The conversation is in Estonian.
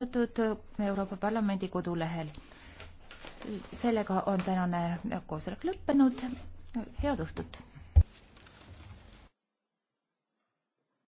avaldatud äh, Euroopa Parlamendi kodulehel. sellega on tänane koosolek lõppenud. head õhtut!